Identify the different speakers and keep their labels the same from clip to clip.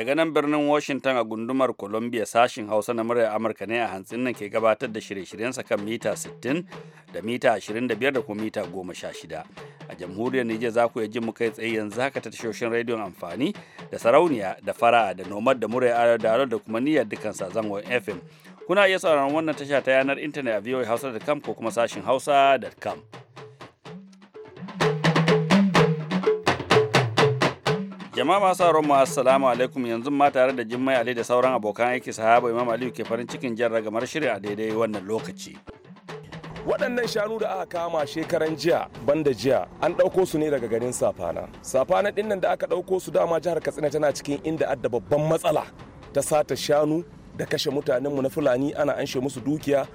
Speaker 1: daga nan birnin washington a gundumar columbia sashin hausa na muryar amurka ne a hantsin nan ke gabatar da shirye shiryen sa kan mita 60 da mita 25 da kuma mita 16 a jamhuriyar niger za ku iya jin mu kai tsaye yanzu haka ta tashoshin rediyon amfani da sarauniya da fara'a da nomad da muryar arewa da da kuma niyyar dukkan zangon fm kuna iya sauraron wannan tasha ta yanar intanet a voahausa.com ko kuma sashin hausa.com Jama'a masu sauran mu assalamu alaikum yanzu ma tare da Jummai Ali da sauran abokan aiki sahaba Imam Aliyu ke farin cikin jan ragamar shirya a daidai wannan lokaci.
Speaker 2: waɗannan shanu da aka kama shekaran jiya banda jiya an ɗauko su ne daga garin safana safana ɗinnan da aka ɗauko su dama jihar katsina tana cikin inda adda babban matsala ta sata shanu da kashe mutanen mu na fulani ana anshe musu dukiya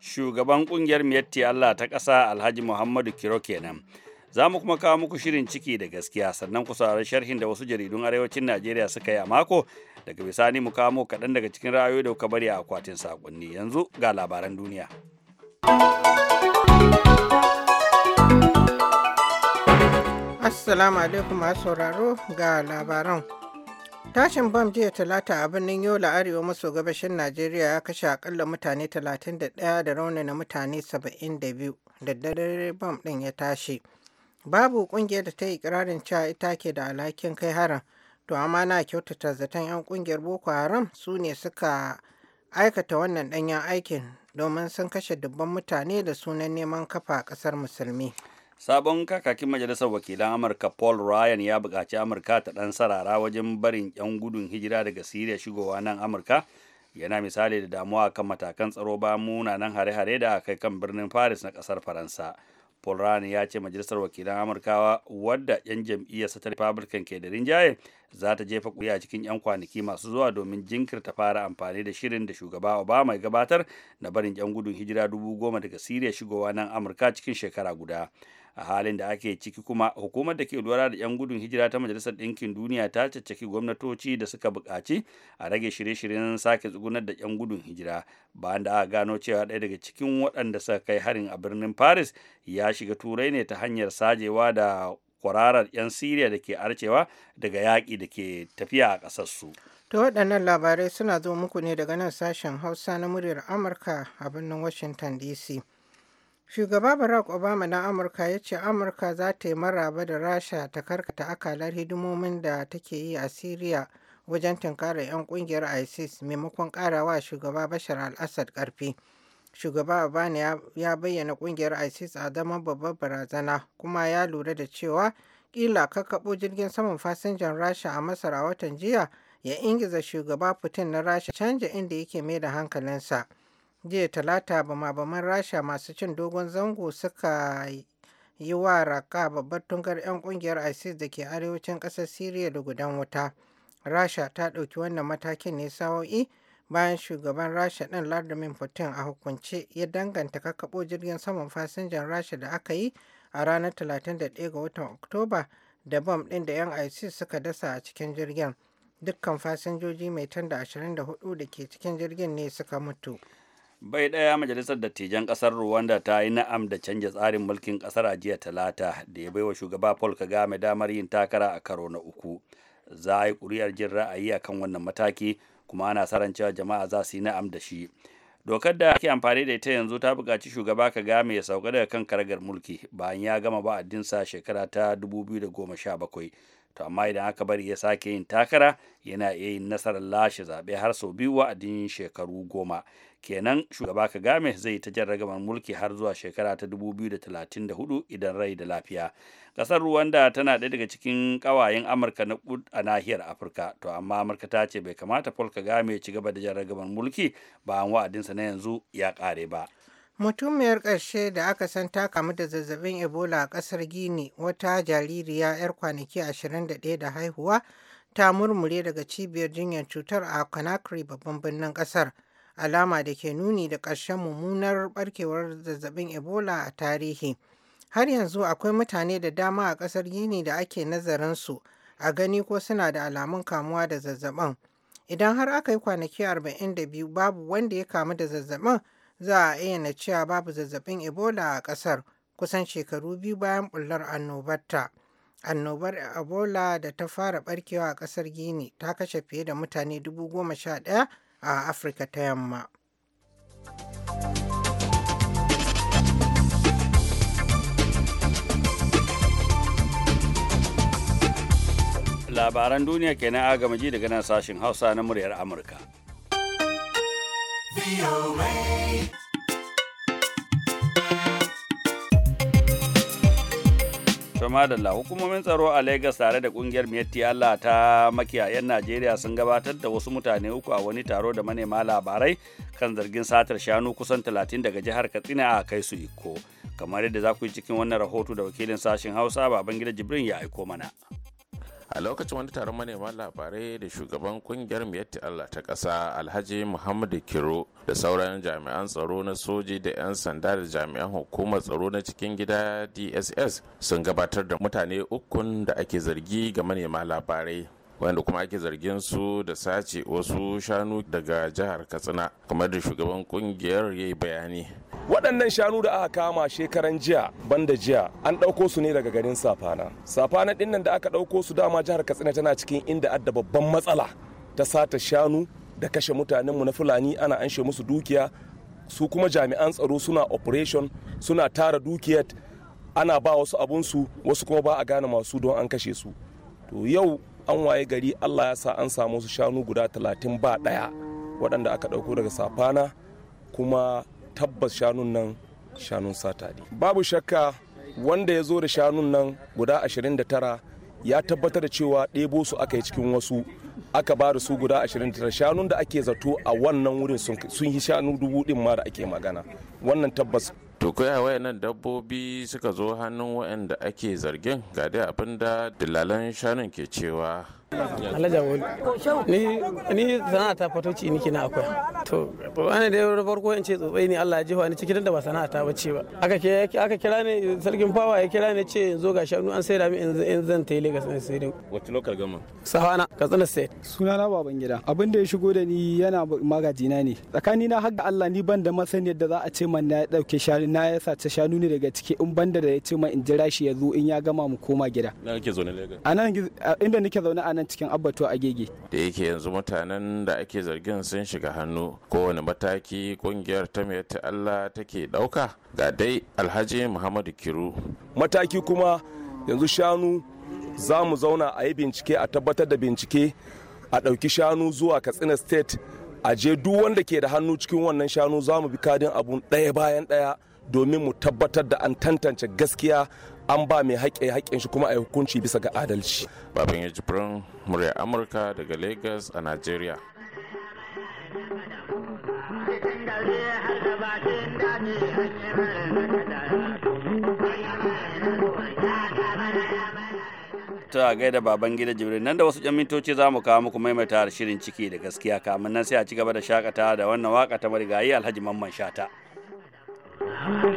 Speaker 1: shugaban ƙungiyar miyatti allah ta ƙasa alhaji muhammadu kiro kenan za mu kuma kawo muku shirin ciki da gaskiya sannan ku saurari sharhin da wasu jaridun arewacin najeriya suka yi a mako daga bisani mu kawo kaɗan daga cikin ra'ayoyi da kuka bari a akwatin sakonni yanzu ga labaran duniya
Speaker 3: assalamu alaikum masu sauraro ga labaran tashin bam jiya talata a birnin yola arewa maso gabashin najeriya ya kashe akalla mutane 31 da raunana mutane 72 da dare bam din ya tashi Babu ƙungiyar da ta yi ikirarin cewa ita ke da alhakin kai harin, to amma na kyautata zaton 'yan ƙungiyar Boko Haram su ne suka aikata wannan danyen aikin domin sun kashe dubban mutane da sunan neman kafa kasar musulmi.
Speaker 1: sabon kakakin majalisar wakilan amurka paul ryan ya buƙaci amurka ta ɗan sarara wajen barin 'yan gudun hijira daga siriya shigowa nan amurka yana misali da damuwa kan matakan tsaro ba munanan hare-hare da aka kan birnin paris na ƙasar faransa Paul Rani ya ce majalisar wakilan Amurkawa wadda 'yan jam'iyyarsa ta Republican ke da rinjaye za ta jefa a cikin 'yan kwanaki masu zuwa domin jinkirta fara amfani da shirin da shugaba Obama ya gabatar na barin 'yan gudun hijira dubu goma daga Siriya shigowa nan Amurka cikin shekara guda. a halin da ake ciki kuma hukumar da ke lura da 'yan gudun hijira ta majalisar ɗinkin duniya ta caccaki gwamnatoci da suka buƙaci a rage shirye-shiryen sake tsugunar da 'yan gudun hijira bayan da aka gano cewa ɗaya daga cikin waɗanda suka kai harin a birnin paris ya shiga turai ne ta hanyar sajewa da kwararar 'yan siriya da ke arcewa daga yaƙi da ke tafiya a ƙasarsu.
Speaker 3: To waɗannan labarai suna zo muku ne daga nan sashen Hausa na muryar Amurka a birnin Washington DC. Shugaba Barack Obama na Amurka ya ce Amurka za ta yi maraba da Rasha ta karkata akalar hidimomin da take yi a syria wajen tunkarar 'yan kungiyar ISIS maimakon karawa shugaba Bashar al-Assad karfi. Shugaba Obama ya bayyana kungiyar ISIS a zaman babbar barazana kuma ya lura da cewa kila kakkaɓo jirgin saman fasinjan Rasha a Masar a watan jiya ya ingiza shugaba Putin na Rasha canja inda yake mai da hankalinsa. jiya talata bama-baman rasha masu cin dogon zango suka yi wa raka babbar tungar 'yan kungiyar isis da ke arewacin ƙasar syria da gudan wuta rasha ta ɗauki wannan matakin ne sawo'i bayan shugaban rasha ɗin vladimir putin a hukunce ya danganta kakkaɓo jirgin saman fasinjan rasha da aka yi a ranar 31 ga watan oktoba da bom ɗin da 'yan isis suka dasa a cikin jirgin dukkan fasinjoji mai tanda 24 da ke cikin jirgin ne suka mutu
Speaker 1: bai ɗaya majalisar dattijan ƙasar rwanda ta yi na'am da canja tsarin mulkin ƙasar a jiya talata da ya baiwa shugaba paul kagame damar yin takara a karo na uku za a yi ƙuri'ar jin ra'ayi a kan wannan mataki kuma ana saran cewa jama'a za su yi na'am da shi dokar da ake amfani da ita yanzu ta buƙaci shugaba kagame ya sauka daga kan karagar mulki bayan ya gama ba'adinsa shekara ta 2017 to amma idan aka bari ya sake yin takara yana iya yin nasarar lashe zaɓe har sau biyu wa'adin shekaru goma kenan shugaba kagame zai ta jan ragamar mulki har zuwa shekara ta 2034 idan rai da lafiya kasar rwanda tana ɗaya daga cikin ƙawayen amurka na kud a nahiyar afirka to amma amurka ta ce bai kamata paul kagame ya ci gaba da jan ragamar mulki bayan wa'adinsa na yanzu ya ƙare ba
Speaker 3: mutumiyar ƙarshe da aka san ta kamu da zazzabin ebola a ƙasar gini wata jaririya 'yar kwanaki 21 da haihuwa ta murmure daga cibiyar jinyar cutar a conakry babban birnin ƙasar. alama da ke nuni da ƙarshen mummunar barkewar zazzabin ebola a tarihi har yanzu akwai mutane da dama a ƙasar gini da ake nazarin su a gani ko suna da alamun kamuwa da zazzabin idan har aka yi kwanaki 42 babu wanda ya kamu da zazzabin za a ayyana cewa babu zazzabin ebola a ƙasar kusan shekaru biyu bayan bullar annobarta annobar ebola da ta fara barkewa a ƙasar gini ta kashe fiye da mutane dubu goma sha ɗaya a Afirka ta yamma.
Speaker 1: Labaran duniya kenan a gamaji daga nan sashen Hausa na muryar Amurka. madalla hukumomin tsaro a Lagos tare da kungiyar miyatti Allah ta makiyayan Najeriya sun gabatar da wasu mutane uku a wani taro da manema labarai kan zargin satar shanu kusan 30 daga jihar Katsina a kai su iko. Kamar yadda za ku yi cikin wannan rahoto da wakilin sashen Hausa Babangida Jibrin ya aiko mana.
Speaker 4: a lokacin wani taron manema labarai da shugaban kungiyar miyatti allah ta ƙasa alhaji muhammadu kiro da sauran jami'an tsaro na soji da 'yan sanda da jami'an hukumar tsaro na cikin gida dss sun gabatar da mutane ukun da ake zargi ga manema labarai wanda kuma ake zargin su da sace wasu shanu daga jihar katsina kamar da shugaban kungiyar ya yi bayani waɗannan shanu da aka kama
Speaker 2: shekaran jiya banda jiya an ɗauko su ne daga garin safana safana ɗin da aka ɗauko su dama jihar katsina tana cikin inda adda babban matsala ta sata shanu da kashe mutanenmu na fulani ana anshe musu dukiya su kuma jami'an tsaro suna operation suna tara dukiyar ana ba wasu abunsu wasu kuma ba a gane masu don an kashe su to yau an waye gari allah ya sa an samu su shanu guda talatin ba ɗaya waɗanda aka ɗauko daga safana kuma tabbas shanun nan shanun sata ne babu shakka wanda ya zo da shanun nan guda 29 ya tabbatar da cewa ɗebo su aka yi cikin wasu aka ba da su guda 29 shanun da ake zato a wannan wurin sun yi shanu dubu din ma da ake magana wannan tabbas
Speaker 4: to koya wayannan dabbobi suka zo hannun wayanda ake zargin ga dai abin da dillalan shanun ke cewa Alhaji
Speaker 5: Awolu. Ni ni sana'a ta fatoci nake na akwai. To wani da yau farko in ce tsotsai ne Allah ya jefa ni cikin da ba sana'a ta bace ba. Aka ke aka kira ne sarkin fawa ya kira ne ce yanzu ga shanu an saida min in zan yi Lagos in sai dai. Wace local government? Sahana Katsina state.
Speaker 6: na baban gida. Abin da ya shigo da ni yana magajina ne. Tsakani na har Allah ni ban da masaniyar da za a ce man na ya dauke shanu na ya sace shanu ne daga ciki in banda da ya ce man in jira shi ya zo in ya gama mu koma gida.
Speaker 4: Na kake zaune Lagos? A
Speaker 6: nan inda nake zaune a nan cikin a gege
Speaker 4: da yake yanzu mutanen da ake zargin sun shiga hannu kowane mataki kungiyar ta mai Allah take dauka ga dai alhaji muhammadu kiru mataki kuma yanzu shanu za mu zauna
Speaker 2: a yi bincike a tabbatar da bincike a ɗauki shanu zuwa katsina state a je duk wanda ke da hannu cikin wannan shanu za mu bi kadin abu ɗaya bayan ɗaya domin mu tabbatar da an tantance gaskiya an ba mai haƙe haƙƙin shi kuma a yi hukunci bisa ga adalci.
Speaker 4: Baban Yajibirin murya Amurka daga Lagos a Najeriya.
Speaker 1: ta gaida baban gida jibril nan da wasu jan mintoci za mu kawo muku maimaita shirin ciki da gaskiya kamin nan sai a ci gaba da shakata da wannan waka ta marigayi alhaji mamman shata. Thank you.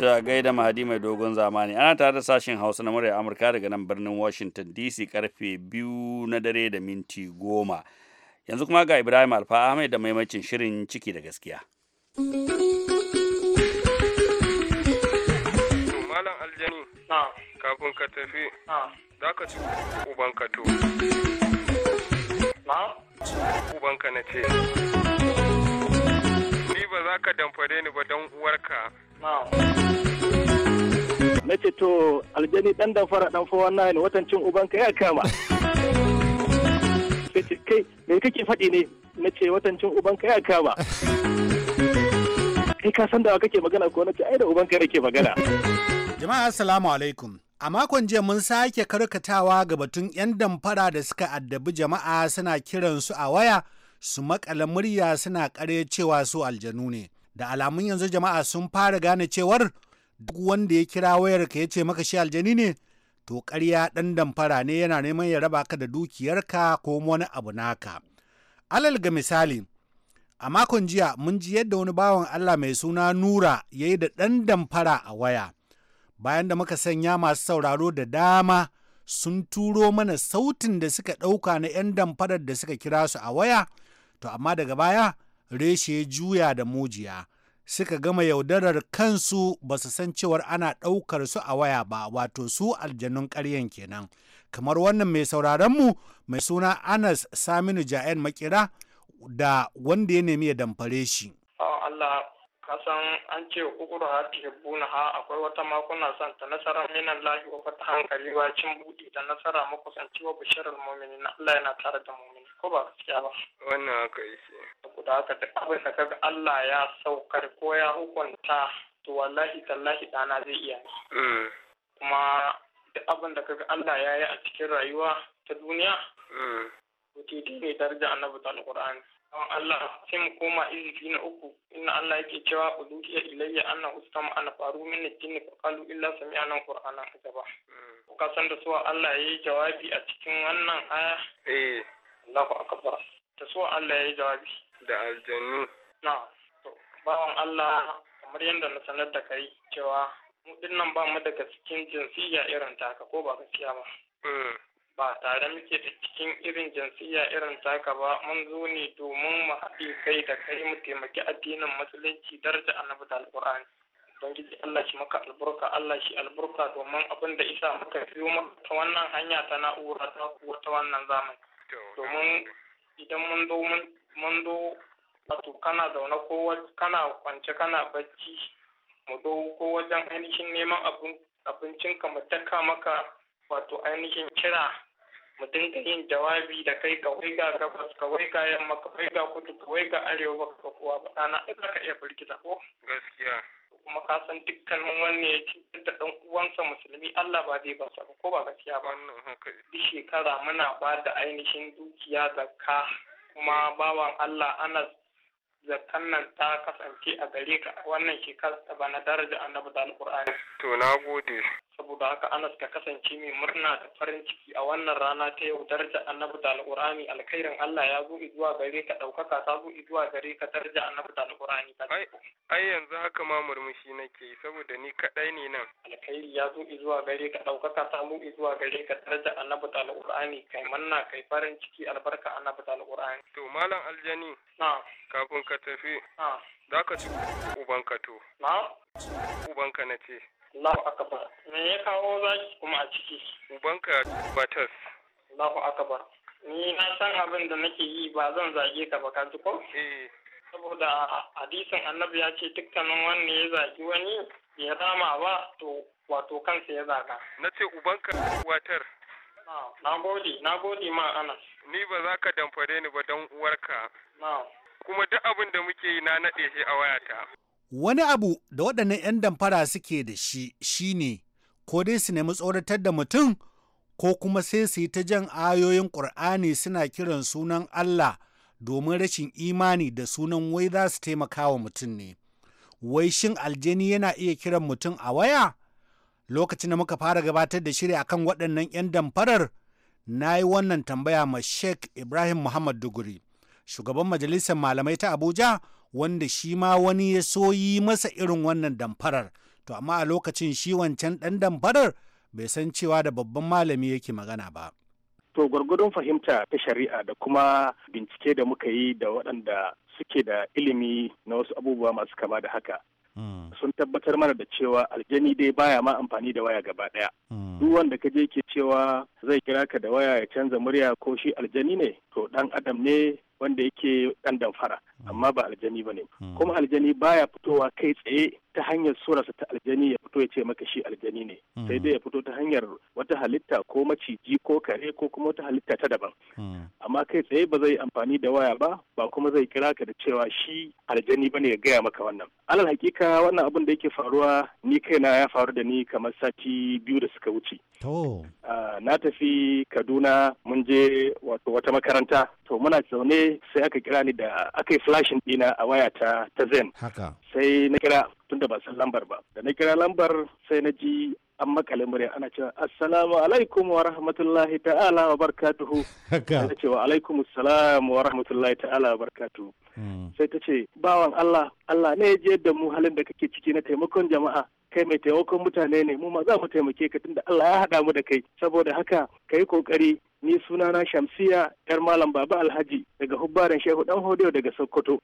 Speaker 1: ta gaida mahadi mai dogon zamani ana tare da sashen hausa na murya amurka daga nan birnin washington dc karfe biyu na dare da minti goma yanzu kuma ga ibrahim alfa ahmed da maimacin shirin ciki da gaskiya malam aljani ah. kafin ka tafi ah. za ka ci
Speaker 5: ubanka to ubanka na ce ba za ka damfare ni ba don uwarka.
Speaker 6: Na ce to aljani dan damfara dan fa wannan ne watan cin ubanka ya kama. Sai kai me kake faɗi ne na ce watan cin ubanka ya kama. Kai ka san da kake magana ko na ce ai da ubanka yake magana.
Speaker 7: Jama'a assalamu alaikum. A makon jiya mun sake karkatawa ga batun 'yan damfara da suka addabi jama'a suna kiransu a waya su makala murya suna kare cewa su aljanu ne da alamun yanzu jama'a sun fara gane cewar duk wanda ya kira wayar ka ya ce maka shi aljani ne to ƙarya ɗan damfara ne yana neman ya raba ka da dukiyarka ko wani abu naka alal ga misali a makon jiya mun ji yadda wani bawan Allah mai suna Nura ya yi da ɗan damfara a waya bayan da muka sanya masu sauraro da dama sun turo mana sautin da suka ɗauka na 'yan damfarar da suka kira su a waya to amma daga baya reshe ya juya da mujiya suka gama yaudarar kansu ba su san cewar ana ɗaukar su a waya ba wato su aljanun ƙaryen kenan kamar wannan mai sauraronmu mai suna anas saminu ja'en makira da wanda ya nemi ya damfare shi
Speaker 5: Allah kasan an ce ukuru ha buna ha akwai wata makuna son ta nasara minan lahi wa fata hankali cin buɗe da nasara makusanci wa bisharar na Allah yana tare da mumini ko ba gaskiya ba wannan haka yake Da haka duk abin da kaga Allah ya saukar ko ya hukunta to wallahi tallahi dana zai iya mm. kuma duk abin da kaga Allah ya yi a cikin rayuwa ta duniya mm. to daidai ne daraja annabi ta alqur'ani don Allah sai mu koma izifi na uku inna Allah yake cewa ya ilayya anna ustama ana faru min jinn fa qalu illa sami'na qur'ana hajaba mm. ka san da suwa Allah yayi jawabi a cikin wannan aya eh Allahu akbar ta so Allah ya yi jawabi da aljannu na to bawan Allah kamar yadda na sanar da kai cewa mu dinnan ba mu daga cikin jinsiya irin taka ko ba gaskiya ba mm. ba tare muke da cikin irin jinsiya irin taka ba mun zo ne domin mu haɗe kai da kai mu taimaki addinin musulunci daraja annabi da alƙur'ani ubangiji Allah shi maka alburka Allah shi alburka domin abin da isa muka biyo maka ta wannan hanya ta na'ura ta kuwa ta wannan zamani idan mun zo mun zo wato kana zaune ko kana kwance kana bacci mu zo ko wajen ainihin neman abincin ka mu taka maka wato ainihin kira mu dinga yin jawabi da kai ka ga gabas ka yamma ka kudu ka ga arewa ka kuwa ba ɗana ai ka iya firgita ko gaskiya kuma ka san dukkanin wanda ya ci da ɗan uwansa musulmi Allah ba zai ba sa ko ba gaskiya ba duk shekara muna ba da ainihin dukiya zakka kuma bawan Allah ana zakkan nan ta kasance a gare ka wannan shekara ta bana daraja annabi da alqur'ani to na gode saboda haka anas ka kasance mai murna da farin ciki a wannan rana ta yau darja annabi da alqur'ani alkhairin Allah ya zo zuwa gare ka daukaka ta zo zuwa gare ka darja annabi da alqur'ani ai ai yanzu haka ma murmushi nake saboda ni kadai ne nan alkhairi ya zo zuwa gare ka daukaka ta zo zuwa gare ka darja annabi da alqur'ani kai manna kai farin ciki albarka annabi da alqur'ani to malam aljani na kafin ka tafi na za ka ci ubanka to na ubanka na ce Allahu akbar. Me ya kawo zaki kuma a ciki? Ubanka batas. Allahu akbar. Ni na san abin da nake yi ba zan zage ka ba ka ji ko? Eh. Saboda hadisin Annabi ya ce dukkanin wanda ya zagi wani ya rama ba to wato kansa ya zaga. Na ce ubanka watar. Na gode, na gode ma Anas. Ni ba za ka damfare ni ba don uwarka. Kuma duk abin da muke yi na naɗe shi a wayata.
Speaker 7: Wani abu da waɗannan 'yan damfara suke da shi shine ko dai su nemi tsoratar da mutum ko kuma sai su yi ta jan ayoyin ƙur'ani suna kiran sunan Allah domin rashin imani da sunan wai za su taimaka wa mutum ne. Wai shin aljani yana iya kiran mutum a waya? Lokacin da muka fara gabatar da shiri akan waɗannan 'yan damfarar, na yi wannan tambaya ma Sheikh Ibrahim Muhammad Duguri, shugaban majalisar malamai ta Abuja, wanda shi ma wani ya so yi masa irin wannan damfarar to amma a lokacin shi wancan ɗan damfarar bai san cewa da babban malami yake magana ba.
Speaker 6: To gwargwadon fahimta ta shari'a da kuma bincike da muka yi da waɗanda suke da ilimi na wasu abubuwa masu kama da haka. Hmm. Sun tabbatar mana da cewa aljani dai baya ma amfani da waya gaba ɗaya. Hmm. Duk wanda ka je ke cewa zai kira ka da waya ya canza murya ko shi aljani ne to ɗan adam ne wanda yake ɗan damfara. amma ba aljani ba ne hmm. kuma aljani baya fitowa kai tsaye ta hanyar surarsa ta aljani ya fito ya ce maka shi aljani ne hmm. sai dai ya fito ta hanyar wata halitta ko maciji ko kare ko kuma wata halitta ta daban hmm. amma kai tsaye ba zai amfani da waya ba ba kuma zai kira ka da cewa shi aljani ba ne ya gaya maka wannan alal hakika wannan abun da yake faruwa ni kaina ya faru da ni kamar sati biyu da suka wuce na tafi kaduna mun je wato wata makaranta to muna zaune sai aka kira ni da aka yi flashin dina a waya ta ta zen haka sai na kira tunda ba san lambar ba da na kira lambar sai na ji an makale murya ana cewa assalamu alaikum wa rahmatullahi ta'ala wa barkatuhu ana cewa alaikum assalam wa rahmatullahi ta'ala wa barkatuhu hmm. sai ta ce bawan Allah Allah ne je da mu halin da kake ciki na taimakon jama'a kai mai taimakon mutane ne mu ma za mu taimake ka tunda Allah ya haɗa mu da kai saboda haka ka yi kokari ni sunana shamsiya yar malam baba alhaji daga hubbaren shehu dan hodeo daga sokoto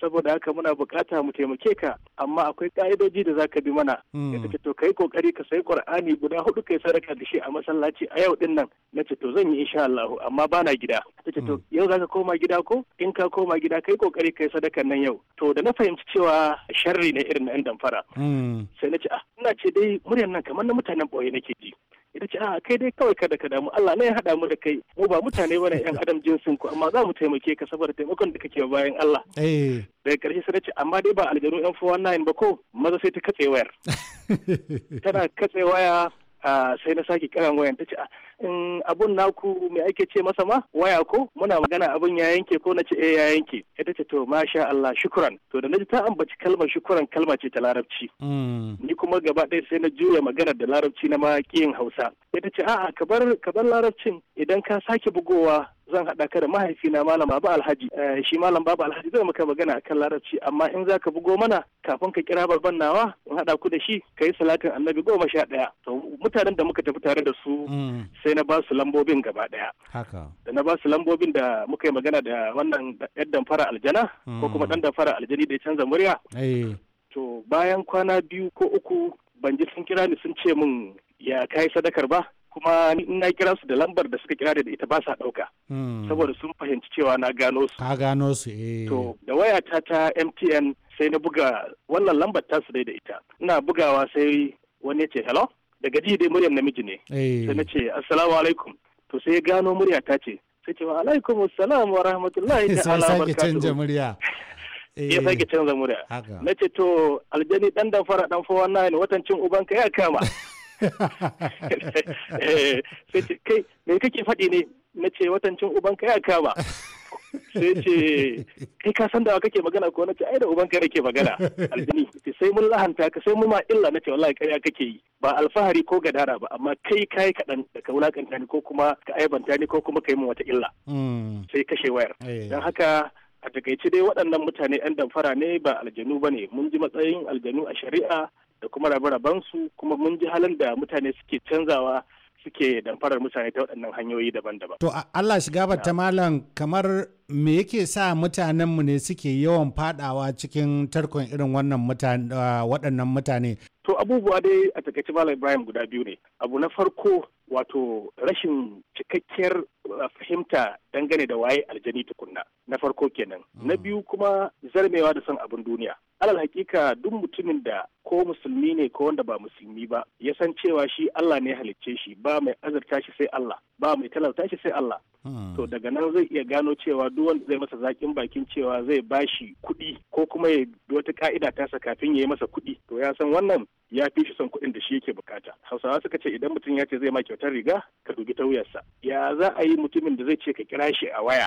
Speaker 6: saboda haka muna bukata mu taimake ka amma akwai ka'idoji da zaka bi mana hmm. yadda ce to kai kokari ka sai qur'ani guda hudu kai sadaka da shi a masallaci a yau din nan nace to zan yi insha Allah amma bana gida ce to hmm. yau zaka koma gida ko in ka koma gida kai kokari kai sadakan nan yau to da na fahimci cewa sharri ne irin na damfara hmm. sai na ce ah ina ce dai muryar nan kamar na mutanen boye nake ji ita ce a ah, kai dai kawai kada ka damu Allah ne ya haɗa mu da kai mu ba mutane bane yan adam jinsin ku amma za mu taimake ka saboda taimakon da kake bayan Allah eh. daga ƙarshe sai ce amma dai ba aljanu yan 419 ba ko maza sai ta katse wayar tana katse waya sai na sake kiran wayan ta ce a ah, abun naku mai ake ce masa ma waya ko muna magana abun ya yanke ko na ce eh ya yanke ita ce to masha Allah shukran to da naji ta ambaci kalmar shukran kalma ce ta larabci hmm. ni kuma gaba ɗaya sai na juya maganar da larabci na ma Hausa ita ce a'a ka bar larabcin idan ka sake bugowa zan haɗa ka da mahaifina malam baba alhaji eh, shi malam baba alhaji zai maka magana kan larabci amma in za ka bugo mana kafin ka kira babban nawa in haɗa ku da shi ka yi salatin annabi goma sha ɗaya to mutanen da muka tafi tare da su mm. sai na ba su lambobin gaba ɗaya da na ba su lambobin da muka yi magana da wannan ɗan fara aljana ko kuma mm. ɗan damfara aljani da ya canza murya eh. to bayan kwana biyu ko uku ban ji sun kira ni sun ce min ya kai sadakar ba kuma in na kira su da lambar da suka kira da ita ba sa ɗauka.
Speaker 7: Hmm. Saboda
Speaker 6: sun fahimci cewa na gano su.
Speaker 7: Ka gano su eh. To
Speaker 6: da wayata ta MTN sai na buga wannan lambar ta su dai da ita. Ina bugawa sai wani ya ce hello daga ji dai muryar namiji ne. Eh. Sai na ce assalamu alaikum. To sai ya gano murya ta ce sai ce wa alaikum assalamu wa rahmatullahi ta'ala barkatuhu. Sai sake canja murya. ya sake eh. canza murya. Na ce to aljani dan dan fara dan fowa na watan cin ubanka ya kama. sai ce kai me kake faɗi ne na ce watancin uban ka ya kama sai ce kai ka san da kake magana ko na ce ai da uban kai ke magana aljini sai mun lahanta ka sai mun ma illa na ce wallahi kai kake yi ba alfahari ko gadara ba amma kai kai kaɗan da ka wulakanta ni ko kuma ka aibanta ni ko kuma kai mun wata illa hmm. sai kashe wayar eh. Dan haka a takaice dai waɗannan mutane 'yan damfara ne ba aljanu ba ne mun ji matsayin aljanu a shari'a da kuma rabe su kuma mun ji halin da mutane suke canzawa suke damfarar mutane ta waɗannan hanyoyi daban-daban. To
Speaker 7: Allah shiga ta malam kamar me yake sa mutanenmu ne suke yawan fadawa cikin tarkon irin wannan mutane ah, waɗannan mutane
Speaker 6: to abubuwa dai a takaice malam ibrahim guda biyu ne abu na farko wato rashin cikakkiyar ah, fahimta dangane da waye aljani tukunna na farko kenan hmm. na biyu kuma zarmewa da son abin duniya alal hakika duk mutumin da ko musulmi ne ko wanda ba musulmi ba ya san cewa shi Allah ne halicce shi ba mai azurta shi sai Allah ba mai talauta shi sai Allah hmm. to daga nan zai iya gano cewa duk wanda zai masa zakin bakin cewa zai bashi kuɗi ko kuma ya wata ka'ida tasa kafin ya yi masa kuɗi to ya san wannan ya fi shi son kuɗin da shi yake bukata hausawa suka ce idan mutum ya ce zai ma kyautar riga ka dubi ta wuyarsa ya za a yi mutumin da zai ce ka kira shi a waya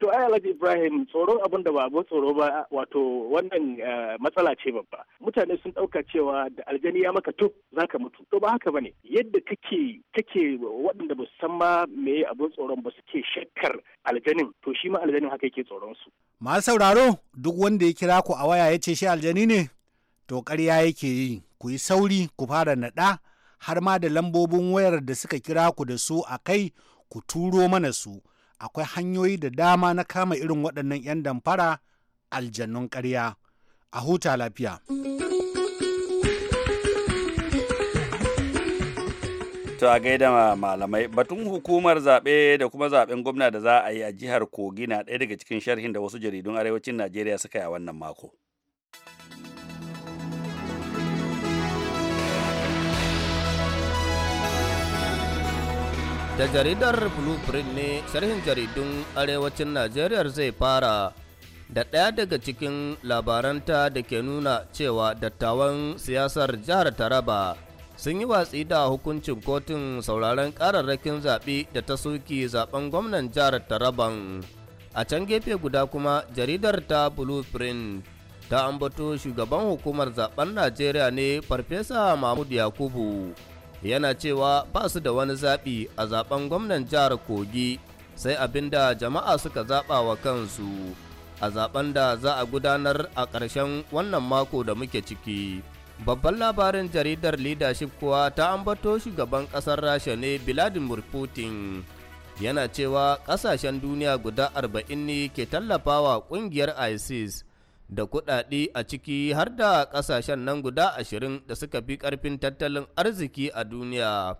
Speaker 6: To ai Alhaji Ibrahim tsoron abin da ba tsoro ba wato wannan eh, matsala ce babba. Mutane sun ɗauka cewa da aljani ya maka tuk za ka mutu. To ba haka bane. Yadda kake waɗanda ba su san ma me abin tsoron ba suke shakkar aljanin to shi ma aljanin haka yake tsoron su.
Speaker 7: Masu sauraro duk wanda ya kira ku a waya ya ce shi aljani ne to ƙarya yake yi ku yi sauri ku fara naɗa har ma da lambobin wayar da suka kira ku da su a kai ku turo mana su. akwai hanyoyi da dama na kama irin waɗannan 'yan damfara aljannun ƙarya a huta lafiya.
Speaker 1: To a gaida malamai batun hukumar zaɓe da kuma zaɓen gwamna da za a yi a jihar Kogi na ɗaya daga cikin sharhin da wasu jaridun arewacin Najeriya suka yi a wannan mako.
Speaker 8: Da jaridar Blueprint ne sharhin jaridun arewacin Najeriya zai fara da ɗaya daga cikin labaranta da ke nuna cewa dattawan siyasar jihar Taraba sun yi watsi da hukuncin kotun sauraron kararrakin zaɓe da ta soki zaɓen gwamnan jihar Taraban. A can gefe guda kuma jaridar ta Blueprint ta ambato shugaban hukumar zaben Najeriya ne Farfesa Mahmud Yakubu. yana cewa ba su da wani zaɓi a zaben gwamnan jihar kogi sai abin da jama'a suka zaɓa wa kansu a zaben da za a gudanar a ƙarshen wannan mako da muke ciki babban labarin jaridar leadership kuwa ta ambato shugaban ƙasar rasha ne vladimir putin yana cewa ƙasashen duniya guda 40 ne ke tallafawa ƙungiyar isis da kuɗaɗe a ciki har da ƙasashen nan guda ashirin da suka fi ƙarfin tattalin arziki a duniya.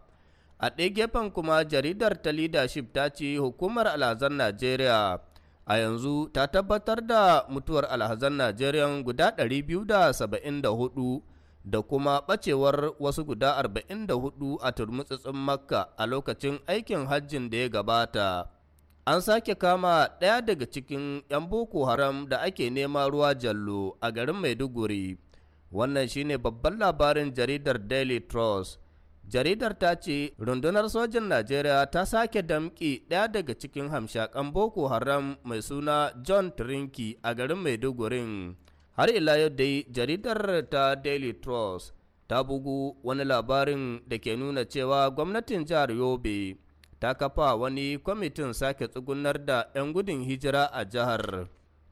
Speaker 8: A ɗaya gefen kuma jaridar ta leadership ta ce hukumar alhazan Najeriya a yanzu ta tabbatar da mutuwar alhazan Najeriya guda 274 da kuma ɓacewar wasu guda 44 a turmutsutsun Makka a lokacin aikin hajjin da ya gabata. An sake kama ɗaya daga cikin 'yan Boko Haram da ake nema ruwa jallo a garin Maiduguri. Wannan shine babban labarin jaridar Daily Trust. Jaridar ta ce rundunar sojin Najeriya ta sake damki ɗaya daga cikin hamshakan Boko Haram mai suna John Trinki a garin Maidugurin. Har ila yau dai jaridar ta Daily Trust ta bugu wani labarin da ke nuna cewa gwamnatin jihar Yobe. ta kafa wani kwamitin sake tsugunar da 'yan gudun hijira a jihar.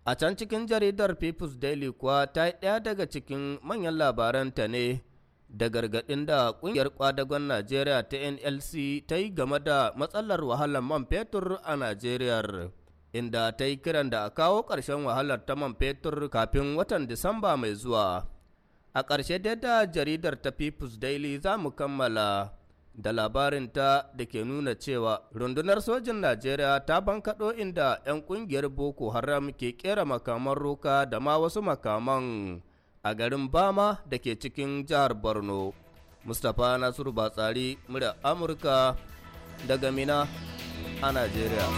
Speaker 8: A can cikin jaridar People's Daily kuwa ta yi ɗaya daga cikin manyan labaranta ne da gargaɗin da ƙungiyar kwadagon Najeriya ta NLC ta yi game da matsalar wahalar man fetur a Najeriya. Inda ta yi kiran da a kawo ƙarshen wahalar ta man fetur kafin watan Disamba mai zuwa. A ƙarshe dai da jaridar ta People's Daily za mu kammala. da labarinta da ke nuna cewa rundunar sojin Najeriya ta bankaɗo inda 'yan ƙungiyar Boko Haram ke kera makaman roka da ma wasu makaman a garin Bama da ke cikin jihar Borno. Mustapha Nasiru Batsari, murya Amurka daga Mina a Najeriya.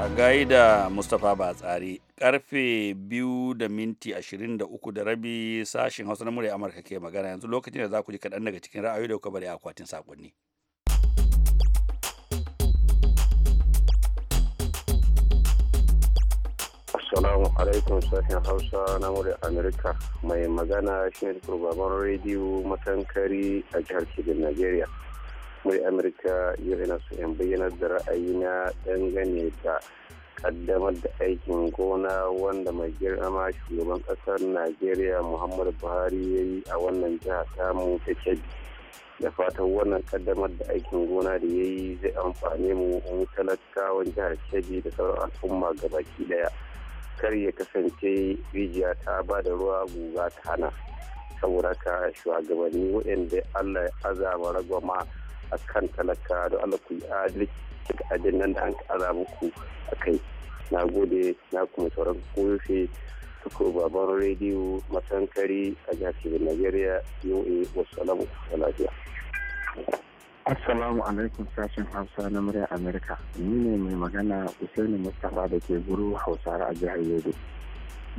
Speaker 1: a gaida mustapha batsari karfe biyu da minti ashirin da da rabi sashen hausa na murya amurka ke magana yanzu lokacin da za ku ji kaɗan daga cikin ra'ayoyi da kuka bari akwatin sakonni.
Speaker 4: Assalamu alaikum sashen Hausa na murya amurka
Speaker 6: mai magana shi ne rediyo matankari a jihar Kebbi nigeria. mai amurka yau ina 'yan bayyana da ra'ayina dangane da kaddamar da aikin gona wanda mai girma shugaban kasar najeriya muhammadu buhari ya yi a wannan jiha tamu ta da fatan wannan kaddamar da aikin gona da ya yi zai amfani mu in talakawan jihar kebbi da sauran al'umma gabaki daya kar ya kasance rijiya ta ba da ruwa guga ta hana saboda ka shugabanni waɗanda allah ya azama ragwama a kan talaka da Allah ku yi adalci ajin nan da an ƙara muku a kai na gode na kuma sauran koyaushe tukur baban rediyo matankari a jihar Najeriya UA wasu lafiya.
Speaker 3: Assalamu alaikum sashen Hausa na murya Amerika. Ni ne mai magana Usaini Mustapha da ke guru hausa a jihar Yobe.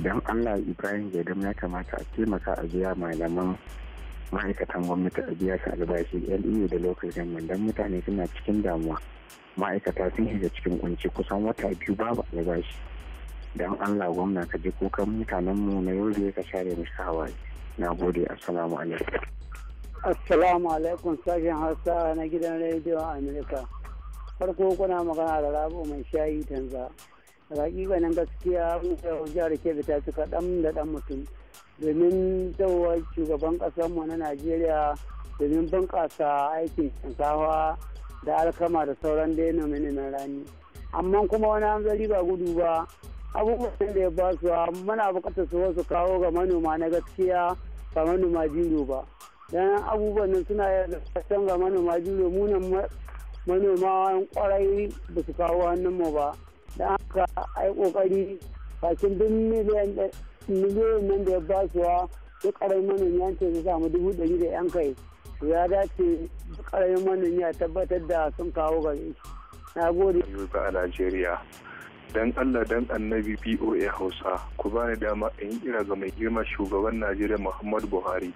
Speaker 3: Don Allah Ibrahim Gaidam ya kamata a taimaka a zuwa malaman ma'aikatan gwamnati a biya su albashi LEU da local government don mutane suna cikin damuwa ma'aikata sun shiga cikin kunci kusan wata biyu babu albashi don Allah gwamna ka ji kukan mutanen mu na yau ka share mu shawari na gode assalamu alaikum
Speaker 1: assalamu alaikum sashen hausa na gidan rediyo Amurka. farko kuna magana da rabu mai shayi tanza ganin gaskiya mu jihar kebbi ta ci kaɗan da ɗan mutum domin cewa shugaban mu na najeriya domin bunƙasa aikin
Speaker 6: shinkafa da alkama da sauran da yana na rani amma kuma wani hanzari ba
Speaker 1: gudu ba abubuwan da ya ba su mana buƙatar su wasu kawo ga manoma na gaskiya ba manoma jiro ba dan abubuwan nan suna yadda ga manoma jiro munan manoma kwarai ba su kawo hannunmu ba don haka ai kokari bakin duk miliyan miliyoyin nan da ya ba su ya ƙaramin manomi ce su samu dubu ɗari da yan kai ya dace ƙaramin manomi ya tabbatar da sun kawo gari na gode.
Speaker 6: a Najeriya dan Allah dan annabi BOA Hausa ku bani dama in kira ga mai girma shugaban Najeriya Muhammadu Buhari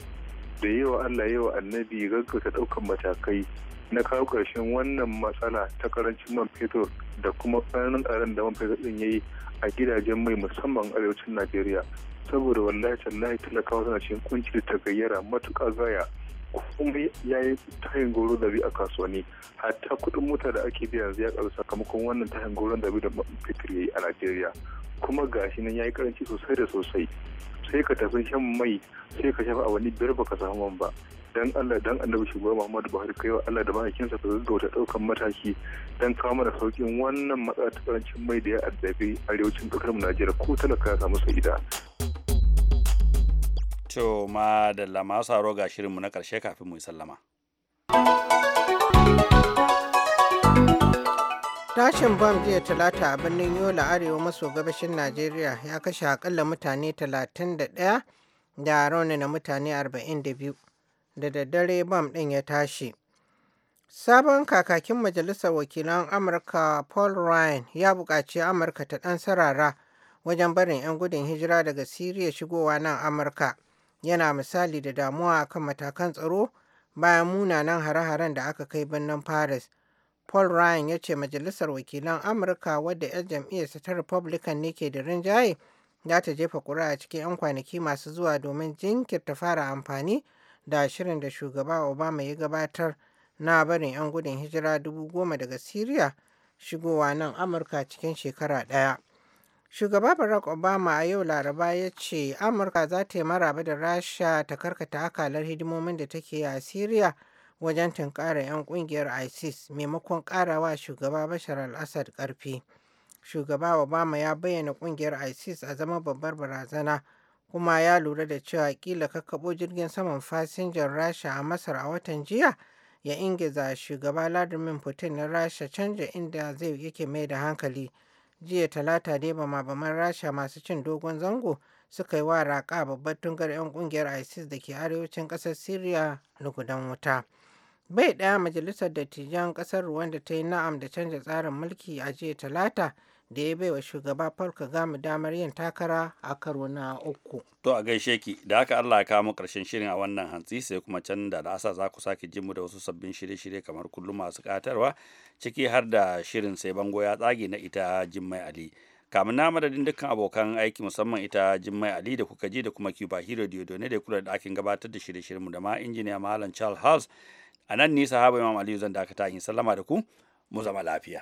Speaker 6: da yawa Allah yawa annabi gaggauta ɗaukar matakai na kawo ƙarshen wannan matsala ta karancin man fetur da kuma tsananin tsaron da man fetur ɗin ya yi a gidajen mai musamman arewacin najeriya saboda wallahi tallahi talakawa suna cikin kunci da tagayyara matuƙa gaya kuma ya yi tayin goro da bi a kasuwanni hatta kuɗin mota da ake biya yanzu ya ƙaru sakamakon wannan tayin goron da bi da fetur ya yi a najeriya kuma gashi nan ya yi karanci sosai da sosai sai ka tafi shan mai sai ka shafa a wani biyar baka samu man ba dan Allah dan annabi shugaba Muhammadu Buhari kai wa Allah da mahaifinsa ka ta daukan mataki dan kawo da saukin wannan matsala ta karancin mai da ya addabi arewacin kasar mu Najeriya ko talaka ya samu sa'ida.
Speaker 1: To ma da lama saro ga shirinmu na karshe kafin mu sallama.
Speaker 3: Tashin bam jiya talata a birnin Yola Arewa maso gabashin Najeriya ya kashe akalla mutane 31 da na mutane 42. da daddare bam ɗin ya tashi. Sabon kakakin Majalisar Wakilan Amurka Paul Ryan ya buƙaci Amurka ta ɗan sarara wajen barin 'yan gudun hijira daga Siriya shigowa nan Amurka. Yana misali da damuwa kan matakan tsaro bayan munanan hare-haren da aka kai birnin Paris. Paul Ryan ya ce Majalisar Wakilan Amurka wadda 'yan jam'iyyarsa ta Republican ne ke da rinjaye za ta jefa ƙuri'a cikin 'yan kwanaki masu zuwa domin jinkirta fara amfani da shirin da shugaba Obama ya gabatar na barin 'yan gudun hijira dubu goma daga Syria, shigowa nan Amurka cikin shekara ɗaya. Shugaba Barack Obama a yau Laraba ya ce Amurka za ta yi maraba da Rasha ta karkata akalar hidimomin da take a Syria wajen tunkara 'yan kungiyar ISIS maimakon karawa shugaba Bashar al-Assad ƙarfi. Shugaba Obama ya bayyana kungiyar ISIS a zama babbar barazana. kuma ya lura da cewa kila kakkaɓo jirgin saman fasinjan rasha a masar a watan jiya ya ingiza shugaba ladumin putin na rasha canja inda zai yake mai da hankali jiya talata dai bama-baman rasha masu cin dogon zango suka yi wa raƙa babbar tungar 'yan kungiyar isis da ke arewacin ƙasar syria gudan wuta bai ɗaya majalisar dattijan ƙasar da ta yi na'am da canja tsarin mulki a jiya talata da ya baiwa shugaba Paul Kagame damar yin takara a karo na uku.
Speaker 1: To a gaishe ki, da haka Allah ya kawo mu karshen shirin a wannan hantsi sai kuma can da asa za ku sake jin mu da wasu sabbin shirye-shirye kamar kullum masu katarwa ciki har da shirin sai bango ya tsage na ita Jimmai Ali. kamun na madadin dukkan abokan aiki musamman ita jimmai ali da kuka ji da kuma cuba hero diodo ne da kula da akin gabatar da shirye mu da ma injiniya malam charles house a nan nisa habu imam aliyu zan dakata in sallama da ku mu zama lafiya